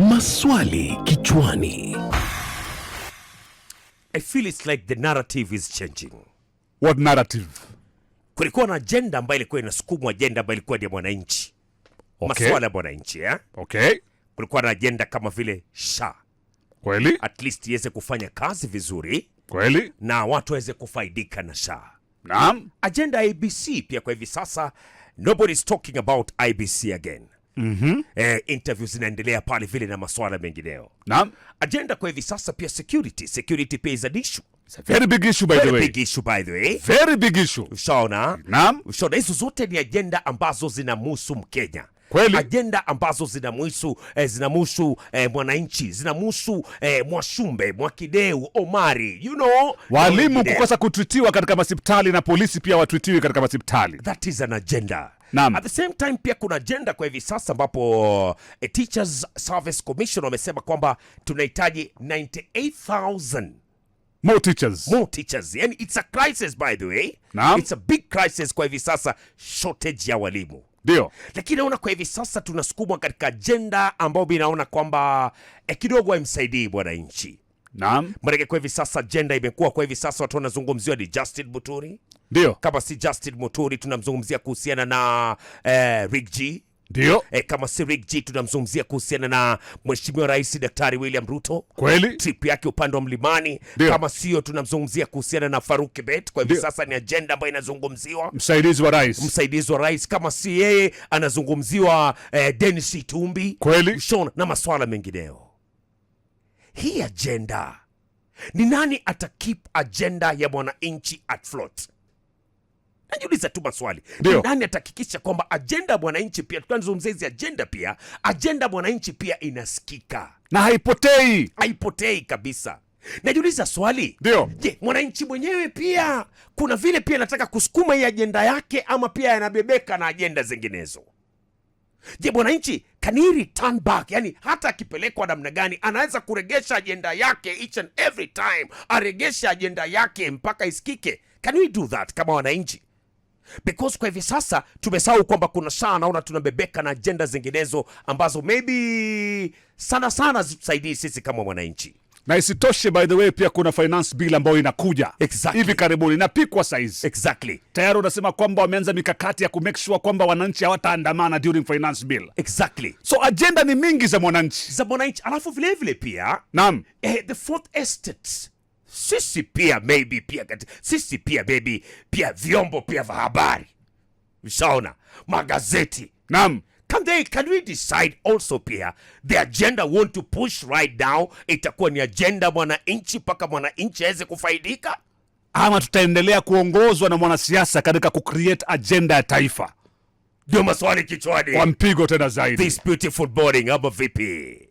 Maswali kichwani. I feel it's like the narrative is changing. What narrative? Kulikuwa na ajenda ambayo ilikuwa inasukumwa, ajenda ambayo ilikuwa ni ya mwananchi. Okay. Maswala ya mwananchi eh? Okay. Kulikuwa na ajenda kama vile SHA. Kweli? At least iweze kufanya kazi vizuri. Kweli? Na watu waweze kufaidika na SHA. Naam. Ajenda ya IBC pia kwa hivi sasa nobody is talking about IBC again mm -hmm. Eh, interview zinaendelea pale vile na maswala mengineo. Naam. Agenda kwa hivi sasa pia security, security pia is an issue. Very big issue by the way. Big issue by the way. Very big issue. Ushaona? Naam. Ushaona hizo zote ni ajenda ambazo zinamhusu Mkenya. Kweli. Ajenda ambazo zinamhusu eh, zinamhusu eh, mwananchi zinamhusu eh, Mwashumbe, Mwakideu, Omari, you know, walimu kukosa kutwitiwa katika masiptali na polisi pia watwitiwi katika masiptali That is an agenda. Naam. At the same time pia kuna agenda kwa hivi sasa ambapo eh, Teachers Service Commission wamesema kwamba tunahitaji 98,000 more teachers. More teachers. Yani it's a crisis by the way. Naam. It's a big crisis kwa hivi sasa shortage ya walimu. Ndio. Lakini naona kwa hivi sasa tunasukumwa katika agenda ambayo binaona kwamba eh, kidogo haimsaidii bwana nchi. Naam. Maanake kwa hivi sasa ajenda imekuwa kwa hivi sasa watu wanazungumziwa ni Justin Muturi. Ndio. Kama si Justin Muturi tunamzungumzia kuhusiana na eh, Rick G. Ndio. Eh, kama si Rick G tunamzungumzia kuhusiana na Mheshimiwa Rais Daktari William Ruto. Kweli. Trip yake upande wa mlimani. Dio. Kama sio tunamzungumzia kuhusiana na Faruk Kibet. Kwa hivi sasa ni ajenda ambayo inazungumziwa. Msaidizi wa rais. Msaidizi wa rais kama si yeye anazungumziwa eh, Dennis Itumbi. Kweli. Shona na maswala mengineyo hii ajenda ni nani atakip ajenda ya mwananchi at float? Najiuliza tu maswali, ni nani atahakikisha kwamba ajenda ya mwananchi pia, tunazungumzia hizi ajenda pia, ajenda ya mwananchi pia inasikika na haipotei, haipotei kabisa. Najiuliza swali, ndio je, mwananchi mwenyewe pia kuna vile pia anataka kusukuma hii ajenda yake, ama pia yanabebeka na ajenda zinginezo? Je, mwananchi can he back? Yani hata akipelekwa namna gani anaweza kuregesha ajenda yake each and every time, aregeshe ajenda yake mpaka isikike. Can we do that kama wananchi? Because kwa hivi sasa tumesahau kwamba kuna saa, naona tunabebeka na ajenda zinginezo ambazo maybe sana sana zitusaidii sisi kama mwananchi na isitoshe, by the way, pia kuna finance bill ambayo inakuja exactly. hivi karibuni inapikwa saizi exactly. Tayari unasema kwamba wameanza mikakati ya ku make sure kwamba wananchi hawataandamana during finance bill exactly. So ajenda ni mingi za mwananchi za mwananchi, alafu vile vile pia naam, eh, the fourth estate sisi pia maybe pia sisi pia baby pia vyombo pia vya habari vishaona magazeti naam can they can we decide also pia the agenda want to push right now itakuwa ni agenda mwananchi mpaka mwananchi aweze kufaidika, ama tutaendelea kuongozwa na mwanasiasa katika kucreate agenda ya taifa? Ndio maswali kichwani, kwa mpigo tena zaidi, this beautiful boarding vipi?